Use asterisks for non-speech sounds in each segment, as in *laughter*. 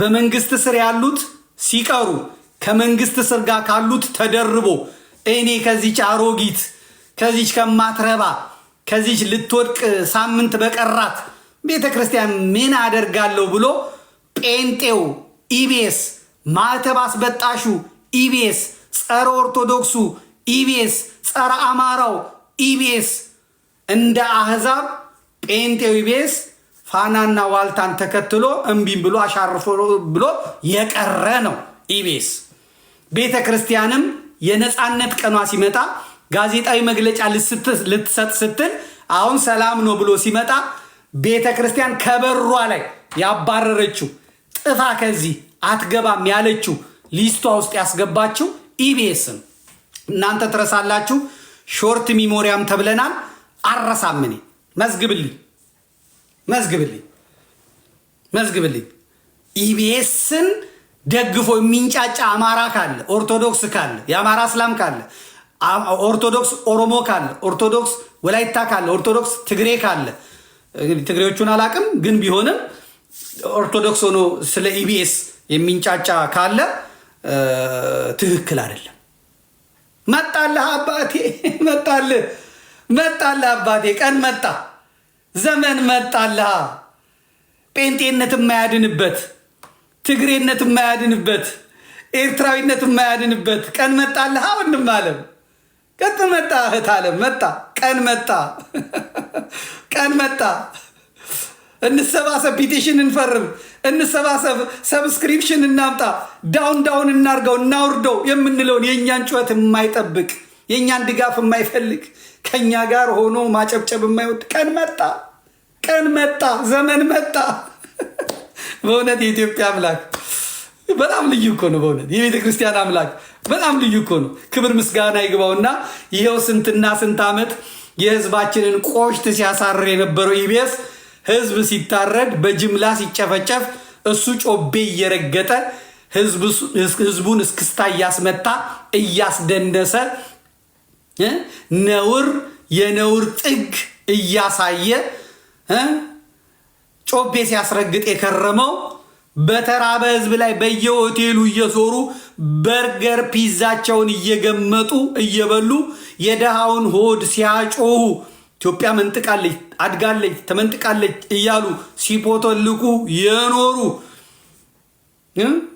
በመንግስት ስር ያሉት ሲቀሩ ከመንግስት ስር ጋር ካሉት ተደርቦ እኔ ከዚች አሮጊት ከዚች ከማትረባ ከዚች ልትወድቅ ሳምንት በቀራት ቤተ ክርስቲያን ምን አደርጋለሁ ብሎ ጴንጤው ኢቤስ ማዕተብ አስበጣሹ ኢቤስ ጸረ ኦርቶዶክሱ ኢቤስ ጸረ አማራው ኢቤስ እንደ አህዛብ ጴንጤው ኢቤስ ፋናና ዋልታን ተከትሎ እምቢም ብሎ አሻርፎ ብሎ የቀረ ነው ኢቤስ። ቤተ ክርስቲያንም የነፃነት ቀኗ ሲመጣ ጋዜጣዊ መግለጫ ልትሰጥ ስትል አሁን ሰላም ነው ብሎ ሲመጣ ቤተ ክርስቲያን ከበሯ ላይ ያባረረችው ጥፋ ከዚህ አትገባም ያለችው ሊስቷ ውስጥ ያስገባችው ኢቢኤስን እናንተ ትረሳላችሁ። ሾርት ሚሞሪያም ተብለናል። አረሳምኔ መዝግብልኝ መዝግብልኝ መዝግብልኝ። ኢቢኤስን ደግፎ የሚንጫጫ አማራ ካለ ኦርቶዶክስ ካለ የአማራ እስላም ካለ ኦርቶዶክስ ኦሮሞ ካለ ኦርቶዶክስ ወላይታ ካለ ኦርቶዶክስ ትግሬ ካለ ትግሬዎቹን አላቅም፣ ግን ቢሆንም ኦርቶዶክስ ሆኖ ስለ ኢቢኤስ የሚንጫጫ ካለ ትክክል አይደለም። መጣልህ አባቴ፣ መጣልህ መጣልህ አባቴ፣ ቀን መጣ። ዘመን መጣልሃ። ጴንጤነት የማያድንበት፣ ትግሬነት የማያድንበት፣ ኤርትራዊነት የማያድንበት ቀን መጣልሃ። ወንድም አለም ቀጥ መጣ፣ እህት አለም መጣ፣ ቀን መጣ፣ *laughs* ቀን መጣ። እንሰባሰብ፣ ፒቲሽን እንፈርም፣ እንሰባሰብ፣ ሰብስክሪፕሽን እናምጣ፣ ዳውን ዳውን እናርገው፣ እናውርደው የምንለውን የእኛን ጩኸት የማይጠብቅ የእኛን ድጋፍ የማይፈልግ ከእኛ ጋር ሆኖ ማጨብጨብ የማይወድ ቀን መጣ፣ ቀን መጣ፣ ዘመን መጣ። *laughs* በእውነት የኢትዮጵያ አምላክ በጣም ልዩ እኮ ነው። በእውነት የቤተ ክርስቲያን አምላክ በጣም ልዩ እኮ ነው። ክብር ምስጋና ይግባውና ይኸው ስንትና ስንት ዓመት የህዝባችንን ቆሽት ሲያሳርር የነበረው ኢቢኤስ ህዝብ ሲታረድ በጅምላ ሲጨፈጨፍ እሱ ጮቤ እየረገጠ ህዝቡን እስክስታ እያስመታ እያስደነሰ ነውር የነውር ጥግ እያሳየ ጮቤ ሲያስረግጥ የከረመው በተራበ ህዝብ ላይ በየሆቴሉ እየሶሩ በርገር ፒዛቸውን እየገመጡ እየበሉ የደሃውን ሆድ ሲያጮሁ ኢትዮጵያ መንጥቃለች፣ አድጋለች፣ ተመንጥቃለች እያሉ ሲፖተልቁ የኖሩ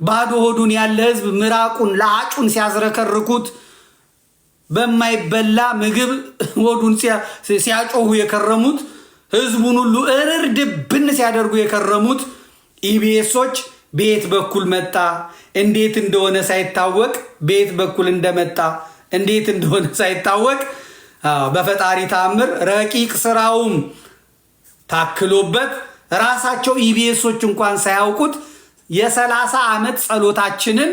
ባዶ ሆዱን ያለ ህዝብ ምራቁን ለአጩን ሲያዝረከርኩት በማይበላ ምግብ ወዱን ሲያጮሁ የከረሙት ህዝቡን ሁሉ እርር ድብን ሲያደርጉ የከረሙት ኢቢኤሶች በየት በኩል መጣ፣ እንዴት እንደሆነ ሳይታወቅ በየት በኩል እንደመጣ እንዴት እንደሆነ ሳይታወቅ በፈጣሪ ታምር ረቂቅ ስራውም ታክሎበት ራሳቸው ኢቢኤሶች እንኳን ሳያውቁት የሰላሳ ዓመት ጸሎታችንን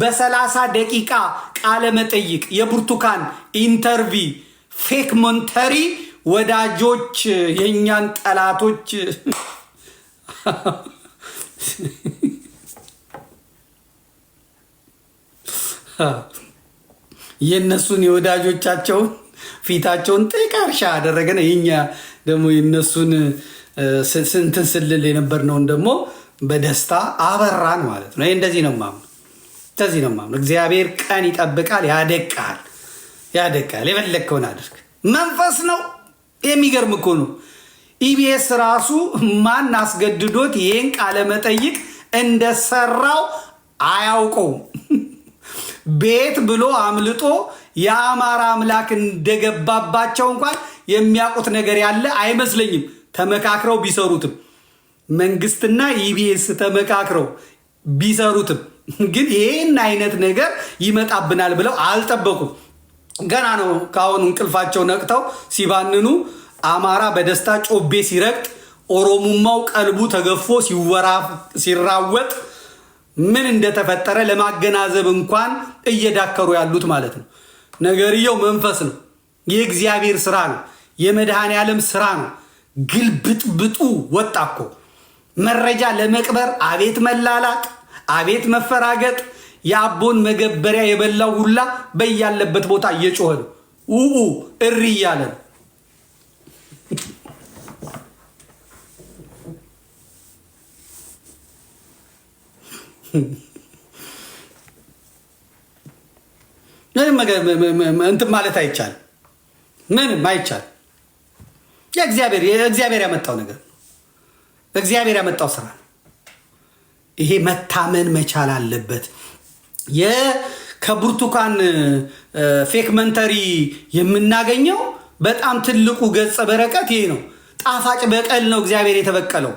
በሰላሳ ደቂቃ ቃለ መጠይቅ፣ የብርቱካን ኢንተርቪ፣ ፌክ ሞንተሪ ወዳጆች የእኛን ጠላቶች *laughs* የእነሱን የወዳጆቻቸውን ፊታቸውን ጥቀርሻ አደረገን። የኛ ደግሞ የእነሱን ስንትን ስልል የነበርነውን ደግሞ በደስታ አበራን ማለት ነው። እንደዚህ ነው ማምኑ እንደዚህ ነው ማምነው። እግዚአብሔር ቀን ይጠብቃል፣ ያደቃል፣ ያደቃል። የፈለግከውን አድርግ። መንፈስ ነው። የሚገርም እኮ ነው። ኢቢኤስ ራሱ ማን አስገድዶት ይህን ቃለ መጠይቅ እንደሰራው አያውቀውም። ቤት ብሎ አምልጦ የአማራ አምላክ እንደገባባቸው እንኳን የሚያውቁት ነገር ያለ አይመስለኝም። ተመካክረው ቢሰሩትም መንግስትና ኢቢኤስ ተመካክረው ቢሰሩትም ግን ይህን አይነት ነገር ይመጣብናል ብለው አልጠበቁም። ገና ነው ከአሁኑ እንቅልፋቸው ነቅተው ሲባንኑ፣ አማራ በደስታ ጮቤ ሲረግጥ፣ ኦሮሙማው ቀልቡ ተገፎ ሲራወጥ ምን እንደተፈጠረ ለማገናዘብ እንኳን እየዳከሩ ያሉት ማለት ነው። ነገርየው መንፈስ ነው። የእግዚአብሔር ስራ ነው። የመድኃኔ ዓለም ስራ ነው። ግልብጥብጡ ወጣ እኮ መረጃ ለመቅበር አቤት መላላት አቤት መፈራገጥ! የአቦን መገበሪያ የበላው ሁላ በያለበት ቦታ እየጮኸ ነው። እሪ እያለ ነው። እንትን ማለት አይቻል፣ ምንም አይቻል። የእግዚአብሔር ያመጣው ነገር ነው። እግዚአብሔር ያመጣው ስራ ነው። ይሄ መታመን መቻል አለበት። ከብርቱካን ፌክመንተሪ የምናገኘው በጣም ትልቁ ገጸ በረከት ይሄ ነው። ጣፋጭ በቀል ነው እግዚአብሔር የተበቀለው።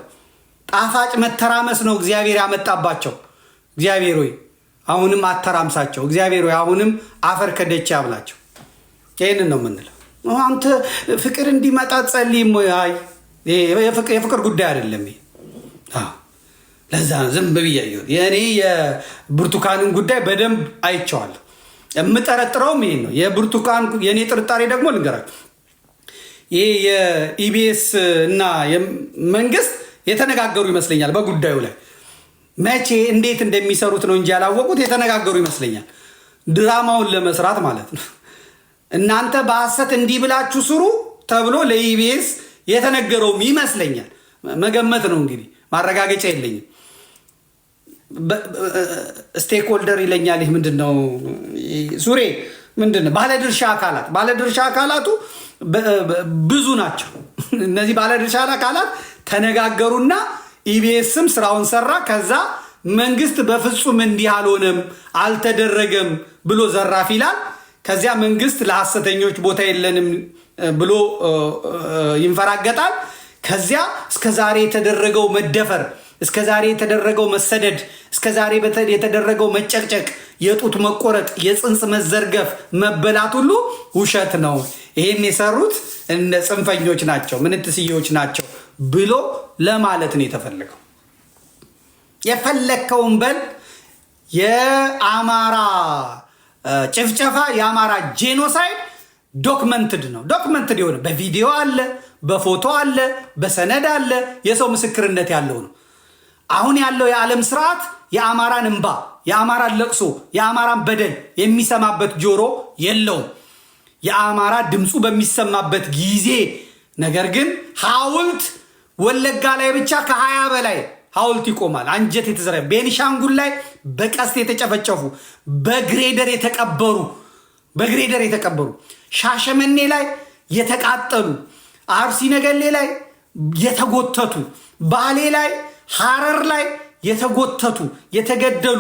ጣፋጭ መተራመስ ነው እግዚአብሔር ያመጣባቸው። እግዚአብሔር ሆይ አሁንም አተራምሳቸው። እግዚአብሔር ሆይ አሁንም አፈር ከደች ያብላቸው። ይህንን ነው የምንለው። አንተ ፍቅር እንዲመጣ ጸልይ። የፍቅር ጉዳይ አይደለም። ለዛ ዝም ብያየሁት። የእኔ የብርቱካንን ጉዳይ በደንብ አይቸዋል። የምጠረጥረውም ይሄን ነው። የብርቱካን የእኔ ጥርጣሬ ደግሞ ልንገራችሁ፣ ይሄ የኢቢኤስ እና መንግስት የተነጋገሩ ይመስለኛል በጉዳዩ ላይ መቼ እንዴት እንደሚሰሩት ነው እንጂ ያላወቁት የተነጋገሩ ይመስለኛል። ድራማውን ለመስራት ማለት ነው። እናንተ በሐሰት እንዲህ ብላችሁ ስሩ ተብሎ ለኢቢኤስ የተነገረውም ይመስለኛል። መገመት ነው እንግዲህ፣ ማረጋገጫ የለኝም። ስቴክ ሆልደር ይለኛል። ይህ ምንድን ነው ሱሬ? ምንድን ነው ባለድርሻ አካላት? ባለድርሻ አካላቱ ብዙ ናቸው። *laughs* እነዚህ ባለድርሻ አካላት ተነጋገሩና ኢቢኤስም ስራውን ሰራ። ከዛ መንግስት በፍጹም እንዲህ አልሆነም አልተደረገም ብሎ ዘራፍ ይላል። ከዚያ መንግስት ለሐሰተኞች ቦታ የለንም ብሎ ይንፈራገጣል። ከዚያ እስከዛሬ የተደረገው መደፈር እስከ ዛሬ የተደረገው መሰደድ፣ እስከ ዛሬ የተደረገው መጨቅጨቅ፣ የጡት መቆረጥ፣ የፅንስ መዘርገፍ፣ መበላት ሁሉ ውሸት ነው፣ ይህን የሰሩት ጽንፈኞች ናቸው፣ ምንትስዮች ናቸው ብሎ ለማለት ነው የተፈለገው። የፈለግከውን በል። የአማራ ጭፍጨፋ የአማራ ጄኖሳይድ ዶክመንትድ ነው። ዶክመንትድ የሆነ በቪዲዮ አለ፣ በፎቶ አለ፣ በሰነድ አለ፣ የሰው ምስክርነት ያለው ነው። አሁን ያለው የዓለም ስርዓት የአማራን እንባ፣ የአማራን ለቅሶ፣ የአማራን በደል የሚሰማበት ጆሮ የለውም። የአማራ ድምፁ በሚሰማበት ጊዜ ነገር ግን ሐውልት ወለጋ ላይ ብቻ ከሀያ በላይ ሐውልት ይቆማል። አንጀት የተዘረ ቤኒሻንጉል ላይ በቀስት የተጨፈጨፉ በግሬደር የተቀበሩ በግሬደር የተቀበሩ ሻሸመኔ ላይ የተቃጠሉ አርሲ ነገሌ ላይ የተጎተቱ ባሌ ላይ ሐረር ላይ የተጎተቱ የተገደሉ፣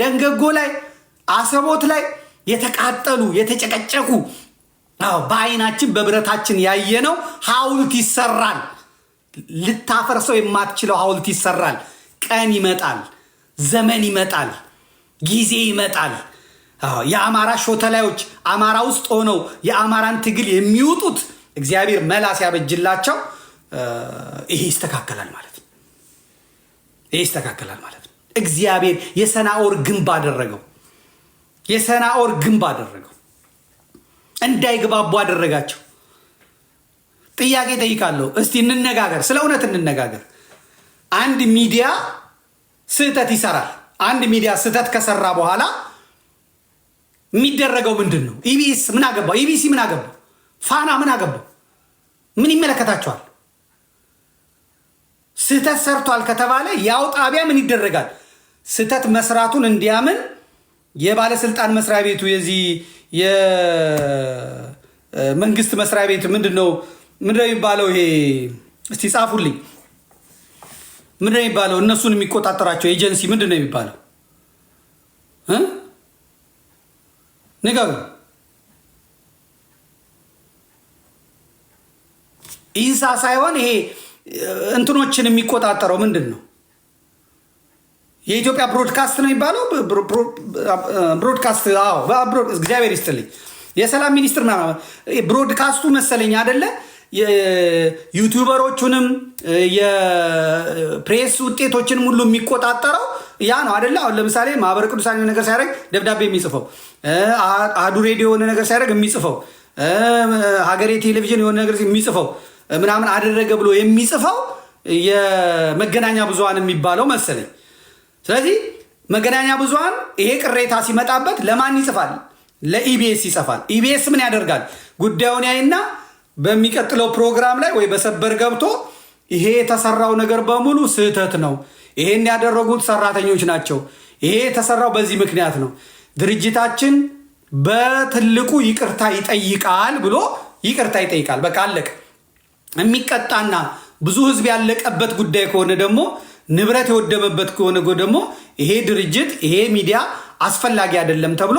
ደንገጎ ላይ አሰቦት ላይ የተቃጠሉ የተጨቀጨቁ በአይናችን በብረታችን ያየነው ሐውልት ይሰራል። ልታፈርሰው የማትችለው ሐውልት ይሰራል። ቀን ይመጣል፣ ዘመን ይመጣል፣ ጊዜ ይመጣል። የአማራ ሾተላዮች አማራ ውስጥ ሆነው የአማራን ትግል የሚውጡት እግዚአብሔር መላ ሲያበጅላቸው ይሄ ይስተካከላል ማለት ነው። ይህ ይስተካከላል ማለት ነው። እግዚአብሔር የሰናኦር ግንብ አደረገው። የሰናኦር ግንብ አደረገው። እንዳይግባቡ አደረጋቸው። ጥያቄ ጠይቃለሁ። እስቲ እንነጋገር፣ ስለ እውነት እንነጋገር። አንድ ሚዲያ ስህተት ይሰራል። አንድ ሚዲያ ስህተት ከሰራ በኋላ የሚደረገው ምንድን ነው? ኢቢኤስ ምን አገባው? ኢቢሲ ምን አገባው? ፋና ምን አገባው? ምን ይመለከታቸዋል? ስህተት ሰርቷል ከተባለ ያው ጣቢያ ምን ይደረጋል? ስህተት መስራቱን እንዲያምን የባለስልጣን መስሪያ ቤቱ የዚህ የመንግስት መስሪያ ቤት ምንድን ነው የሚባለው? ይሄ እስቲ ጻፉልኝ። ምንድነው የሚባለው? እነሱን የሚቆጣጠራቸው ኤጀንሲ ምንድነው የሚባለው? ንገሩ። ኢንሳ ሳይሆን ይሄ እንትኖችን የሚቆጣጠረው ምንድን ነው? የኢትዮጵያ ብሮድካስት ነው የሚባለው። ብሮድካስት እግዚአብሔር ይስጥልኝ። የሰላም ሚኒስትር ብሮድካስቱ መሰለኝ አደለ? ዩቱበሮቹንም የፕሬስ ውጤቶችንም ሁሉ የሚቆጣጠረው ያ ነው አደለ? አሁን ለምሳሌ ማህበረ ቅዱሳን የሆነ ነገር ሲያደርግ ደብዳቤ የሚጽፈው፣ አዱ ሬዲዮ የሆነ ነገር ሲያደርግ የሚጽፈው፣ ሀገሬ ቴሌቪዥን የሆነ ነገር የሚጽፈው ምናምን አደረገ ብሎ የሚጽፈው የመገናኛ ብዙሃን የሚባለው መሰለኝ። ስለዚህ መገናኛ ብዙሃን ይሄ ቅሬታ ሲመጣበት ለማን ይጽፋል? ለኢቢኤስ ይጽፋል። ኢቢኤስ ምን ያደርጋል? ጉዳዩን ያይና በሚቀጥለው ፕሮግራም ላይ ወይ በሰበር ገብቶ ይሄ የተሰራው ነገር በሙሉ ስህተት ነው፣ ይሄን ያደረጉት ሰራተኞች ናቸው፣ ይሄ የተሰራው በዚህ ምክንያት ነው፣ ድርጅታችን በትልቁ ይቅርታ ይጠይቃል ብሎ ይቅርታ ይጠይቃል። በቃ የሚቀጣና ብዙ ህዝብ ያለቀበት ጉዳይ ከሆነ ደግሞ ንብረት የወደመበት ከሆነ ደግሞ ይሄ ድርጅት ይሄ ሚዲያ አስፈላጊ አይደለም ተብሎ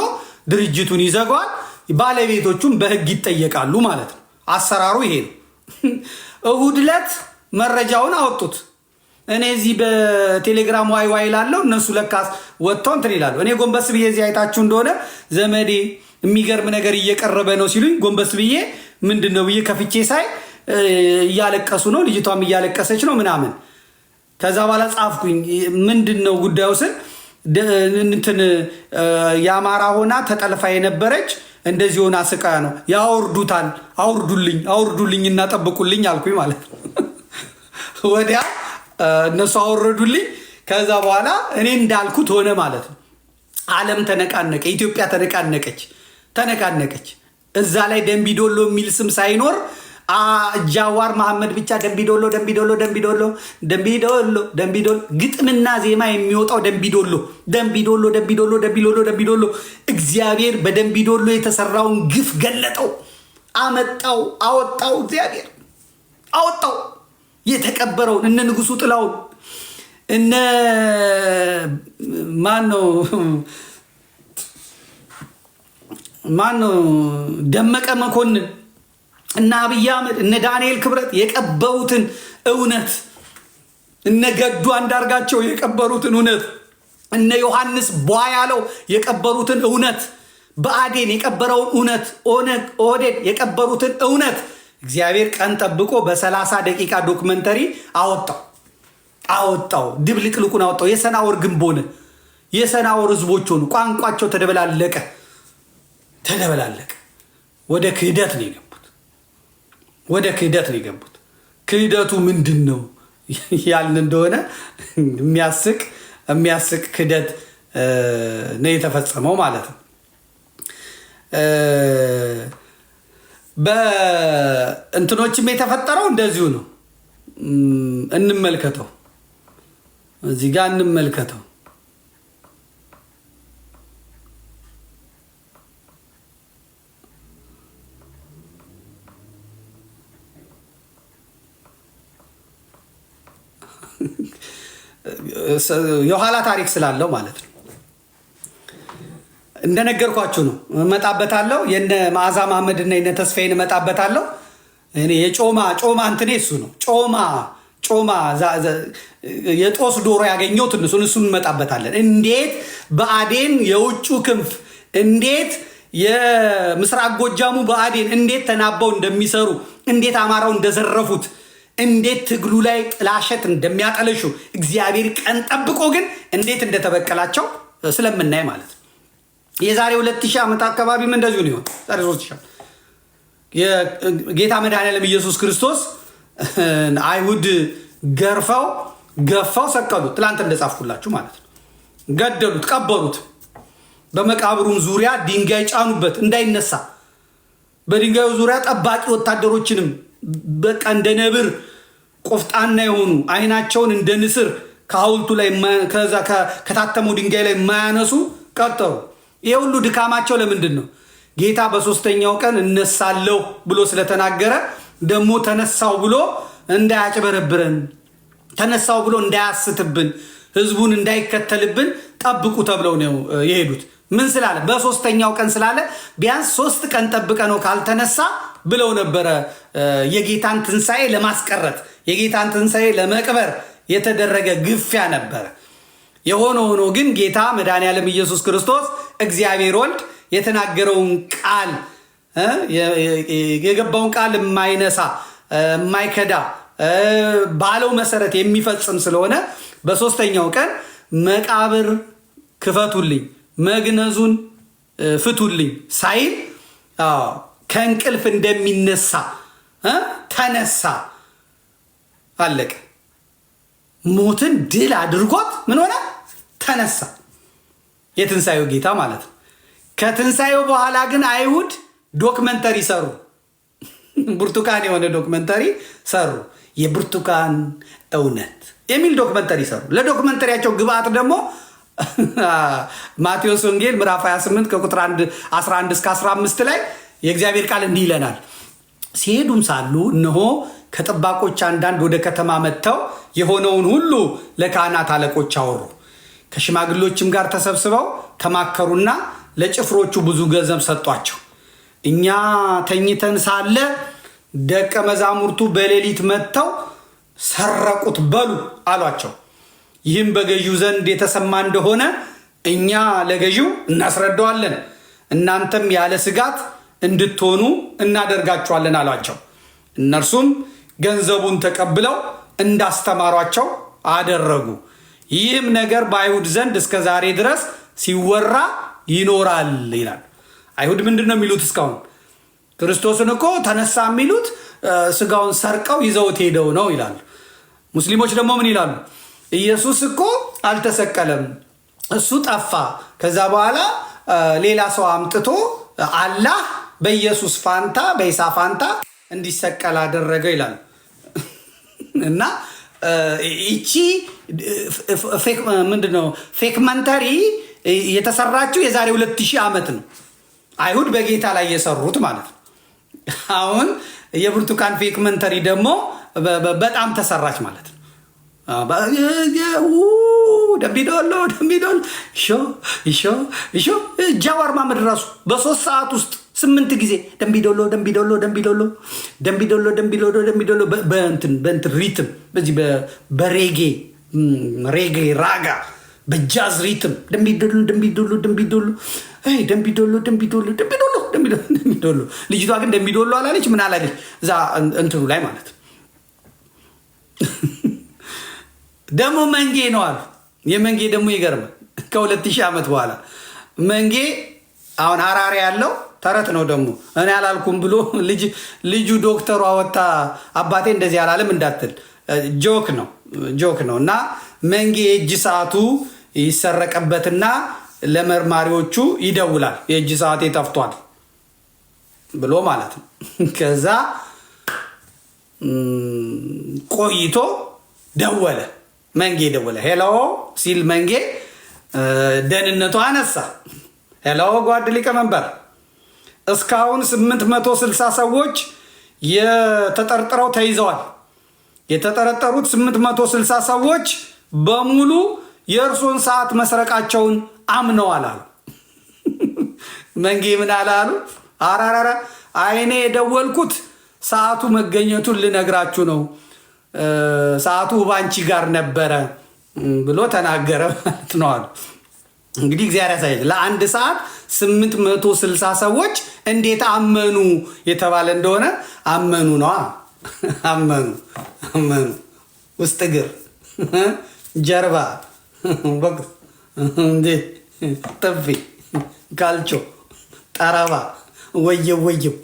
ድርጅቱን ይዘጋዋል። ባለቤቶቹም በህግ ይጠየቃሉ ማለት ነው። አሰራሩ ይሄ ነው። *laughs* እሁድ ዕለት መረጃውን አወጡት። እኔ እዚህ በቴሌግራም ዋይ ዋይ ላለው እነሱ ለካስ ወጥተው እንትን ይላሉ። እኔ ጎንበስ ብዬ እዚህ አይታችሁ እንደሆነ ዘመዴ የሚገርም ነገር እየቀረበ ነው ሲሉኝ ጎንበስ ብዬ ምንድን ነው ብዬ ከፍቼ ሳይ እያለቀሱ ነው፣ ልጅቷም እያለቀሰች ነው ምናምን። ከዛ በኋላ ጻፍኩኝ ምንድን ነው ጉዳዩ ስል እንትን የአማራ ሆና ተጠልፋ የነበረች እንደዚህ ሆና ስቃያ ነው ያወርዱታል። አውርዱልኝ አውርዱልኝ ጠብቁልኝ አልኩኝ ማለት ነው። *laughs* ወዲያ እነሱ አወረዱልኝ። ከዛ በኋላ እኔ እንዳልኩት ሆነ ማለት ነው። ዓለም ተነቃነቀ፣ ኢትዮጵያ ተነቃነቀች ተነቃነቀች። እዛ ላይ ደንቢዶሎ የሚል ስም ሳይኖር ጃዋር መሐመድ ብቻ ደንቢዶሎ ደንቢዶሎ ደንቢዶሎ ደንቢዶሎ ደንቢዶሎ ግጥምና ዜማ የሚወጣው ደንቢዶሎ ደንቢዶሎ ደንቢዶሎ ደንቢዶሎ ደንቢዶሎ እግዚአብሔር በደንቢዶሎ የተሰራውን ግፍ ገለጠው፣ አመጣው፣ አወጣው። እግዚአብሔር አወጣው። የተቀበረውን እነ ንጉሱ ጥላውን እነ ማን ነው ማን ነው ደመቀ መኮንን እነ አብይ አህመድ እነ ዳንኤል ክብረት የቀበሩትን እውነት እነ ገዱ አንዳርጋቸው የቀበሩትን እውነት እነ ዮሐንስ ቧ ያለው የቀበሩትን እውነት በአዴን የቀበረውን እውነት ኦህዴድ የቀበሩትን እውነት እግዚአብሔር ቀን ጠብቆ በሰላሳ ደቂቃ ዶክመንተሪ አወጣው አወጣው ድብልቅልቁን አወጣው። የሰናወር ግንብ ሆነ። የሰናወር ህዝቦች ሆኑ። ቋንቋቸው ተደበላለቀ ተደበላለቀ። ወደ ክህደት ነው ወደ ክህደት ነው የገቡት። ክህደቱ ምንድን ነው ያልን እንደሆነ የሚያስቅ የሚያስቅ ክህደት ነው የተፈጸመው ማለት ነው። በእንትኖችም የተፈጠረው እንደዚሁ ነው። እንመልከተው፣ እዚህ ጋር እንመልከተው። የኋላ ታሪክ ስላለው ማለት ነው። እንደነገርኳችሁ ነው እመጣበታለሁ። የነ መዓዛ መሐመድና የነ ተስፋዬን እመጣበታለሁ። እኔ የጮማ ጮማ እንትኔ እሱ ነው። ጮማ ጮማ የጦስ ዶሮ ያገኘው ትንሱን እሱን እንመጣበታለን። እንዴት በአዴን የውጩ ክንፍ እንዴት የምስራቅ ጎጃሙ በአዴን እንዴት ተናበው እንደሚሰሩ እንዴት አማራው እንደዘረፉት እንዴት ትግሉ ላይ ጥላሸት እንደሚያጠለሹ እግዚአብሔር ቀን ጠብቆ ግን እንዴት እንደተበቀላቸው ስለምናይ ማለት ነው። የዛሬ ሁለት ሺህ ዓመት አካባቢም እንደዚሁ ነው ይሆን ዛሬ ሺህ ጌታ መድኃኔዓለም ኢየሱስ ክርስቶስ *laughs* አይሁድ ገርፈው ገፋው ሰቀሉት። ትላንት እንደጻፍኩላችሁ ማለት ነው። ገደሉት፣ ቀበሩት። በመቃብሩም ዙሪያ ድንጋይ ጫኑበት እንዳይነሳ። በድንጋዩ ዙሪያ ጠባቂ ወታደሮችንም በቃ እንደ ነብር ቆፍጣና የሆኑ አይናቸውን እንደ ንስር ከሐውልቱ ላይ ከዛ ከታተመው ድንጋይ ላይ የማያነሱ ቀጠሩ። ይሄ ሁሉ ድካማቸው ለምንድን ነው? ጌታ በሶስተኛው ቀን እነሳለሁ ብሎ ስለተናገረ ደግሞ ተነሳው ብሎ እንዳያጭበረብረን ተነሳው ብሎ እንዳያስትብን ህዝቡን እንዳይከተልብን ጠብቁ ተብለው ነው የሄዱት። ምን ስላለ በሶስተኛው ቀን ስላለ ቢያንስ ሶስት ቀን ጠብቀ ነው ካልተነሳ ብለው ነበረ። የጌታን ትንሣኤ ለማስቀረት የጌታን ትንሣኤ ለመቅበር የተደረገ ግፊያ ነበረ። የሆነ ሆኖ ግን ጌታ ያለም ኢየሱስ ክርስቶስ እግዚአብሔር ወልድ የተናገረውን ቃል የገባውን ቃል የማይነሳ የማይከዳ ባለው መሰረት የሚፈጽም ስለሆነ በሶስተኛው ቀን መቃብር ክፈቱልኝ መግነዙን ፍቱልኝ ሳይል ከእንቅልፍ እንደሚነሳ ተነሳ። አለቀ። ሞትን ድል አድርጎት ምን ሆነ? ተነሳ። የትንሣኤው ጌታ ማለት ነው። ከትንሣኤው በኋላ ግን አይሁድ ዶክመንተሪ ሰሩ። *laughs* ብርቱካን የሆነ ዶክመንተሪ ሰሩ። የብርቱካን እውነት የሚል ዶክመንተሪ ሰሩ። ለዶክመንተሪያቸው ግብአት ደግሞ *laughs* ማቴዎስ ወንጌል ምዕራፍ 28 ከቁጥር 11 እስከ 15 ላይ የእግዚአብሔር ቃል እንዲህ ይለናል። ሲሄዱም ሳሉ እነሆ ከጠባቆች አንዳንድ ወደ ከተማ መጥተው የሆነውን ሁሉ ለካህናት አለቆች አወሩ። ከሽማግሎችም ጋር ተሰብስበው ተማከሩና ለጭፍሮቹ ብዙ ገንዘብ ሰጧቸው። እኛ ተኝተን ሳለ ደቀ መዛሙርቱ በሌሊት መጥተው ሰረቁት በሉ አሏቸው። ይህም በገዢው ዘንድ የተሰማ እንደሆነ እኛ ለገዢው እናስረዳዋለን፣ እናንተም ያለ ስጋት እንድትሆኑ እናደርጋችኋለን አሏቸው። እነርሱም ገንዘቡን ተቀብለው እንዳስተማሯቸው አደረጉ። ይህም ነገር በአይሁድ ዘንድ እስከ ዛሬ ድረስ ሲወራ ይኖራል ይላል። አይሁድ ምንድን ነው የሚሉት? እስካሁን ክርስቶስን እኮ ተነሳ የሚሉት ስጋውን ሰርቀው ይዘውት ሄደው ነው ይላሉ። ሙስሊሞች ደግሞ ምን ይላሉ? ኢየሱስ እኮ አልተሰቀለም፣ እሱ ጠፋ። ከዛ በኋላ ሌላ ሰው አምጥቶ አላህ በኢየሱስ ፋንታ በኢሳ ፋንታ እንዲሰቀል አደረገ ይላል *laughs* እና ይቺ ምንድን ነው ፌክመንተሪ የተሰራችው የዛሬ ሁለት ዓመት ነው። አይሁድ በጌታ ላይ የሰሩት ማለት ነው። አሁን የብርቱካን ፌክመንተሪ ደግሞ በጣም ተሰራች ማለት ነው። ደምቢዶሎ ደምቢዶሎ ሾ ሾ ጃዋር ማመድ ራሱ በሶስት ሰዓት ውስጥ ስምንት ጊዜ ደምቢዶሎ ደምቢዶሎ ደምቢዶሎ ደምቢዶሎ ደምቢዶሎ ደምቢዶሎ በእንትን በእንትን ሪትም በዚህ በሬጌ ሬጌ ራጋ በጃዝ ሪትም ደምቢዶሎ ደምቢዶሎ ደምቢዶሎ ደምቢዶሎ ደምቢዶሎ ደምቢዶሎ ደምቢዶሎ ልጅቷ ግን ደምቢዶሎ አላለች ምን አላለች እዛ እንትኑ ላይ ማለት ደግሞ መንጌ ነው አሉ። የመንጌ ደግሞ ይገርማል። ከሁለት ሺህ ዓመት በኋላ መንጌ አሁን አራሪ ያለው ተረት ነው ደግሞ እኔ አላልኩም ብሎ ልጁ ዶክተሩ ወጣ አባቴ እንደዚህ አላለም እንዳትል፣ ጆክ ነው ጆክ ነው። እና መንጌ የእጅ ሰዓቱ ይሰረቀበትና ለመርማሪዎቹ ይደውላል። የእጅ ሰዓቴ ጠፍቷል ብሎ ማለት ነው። *laughs* ከዛ ቆይቶ ደወለ። መንጌ ደወለ። ሄሎ ሲል መንጌ ደህንነቱ አነሳ። ሄሎ ጓድ ሊቀመንበር፣ እስካሁን 860 ሰዎች የተጠርጥረው ተይዘዋል። የተጠረጠሩት 860 ሰዎች በሙሉ የእርሶን ሰዓት መስረቃቸውን አምነዋል አሉ። *laughs* መንጌ ምን አለ አሉ? አራራራ አይኔ የደወልኩት ሰዓቱ መገኘቱን ልነግራችሁ ነው ሰዓቱ ባንቺ ጋር ነበረ ብሎ ተናገረ ማለት ነው አሉ። እንግዲህ እግዚአብሔር ያሳየች። ለአንድ ሰዓት ስምንት መቶ ስልሳ ሰዎች እንዴት አመኑ የተባለ እንደሆነ አመኑ ነዋ። አመኑ አመኑ ውስጥ እግር ጀርባ ጥፊ ካልቾ ጠረባ ወየው ወየው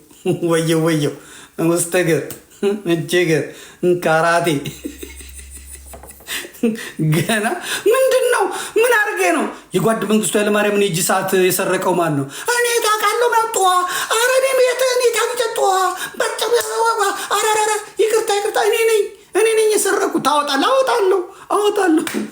ወየው ወየው ውስጥ እግር እጅግ ካራቴ ገና ምንድን ነው? ምን አድርጌ ነው? የጓድ መንግስቱ ኃይለማርያምን የእጅ ሰዓት የሰረቀው ማን ነው? እኔ ታውቃለሁ። መጥዋ አረኔ ቤት እኔ ታግጨጧ አረረረ ይቅርታ፣ ይቅርታ፣ እኔ ነኝ፣ እኔ ነኝ የሰረኩት። ታወጣለህ? አወጣለሁ፣ አወጣለሁ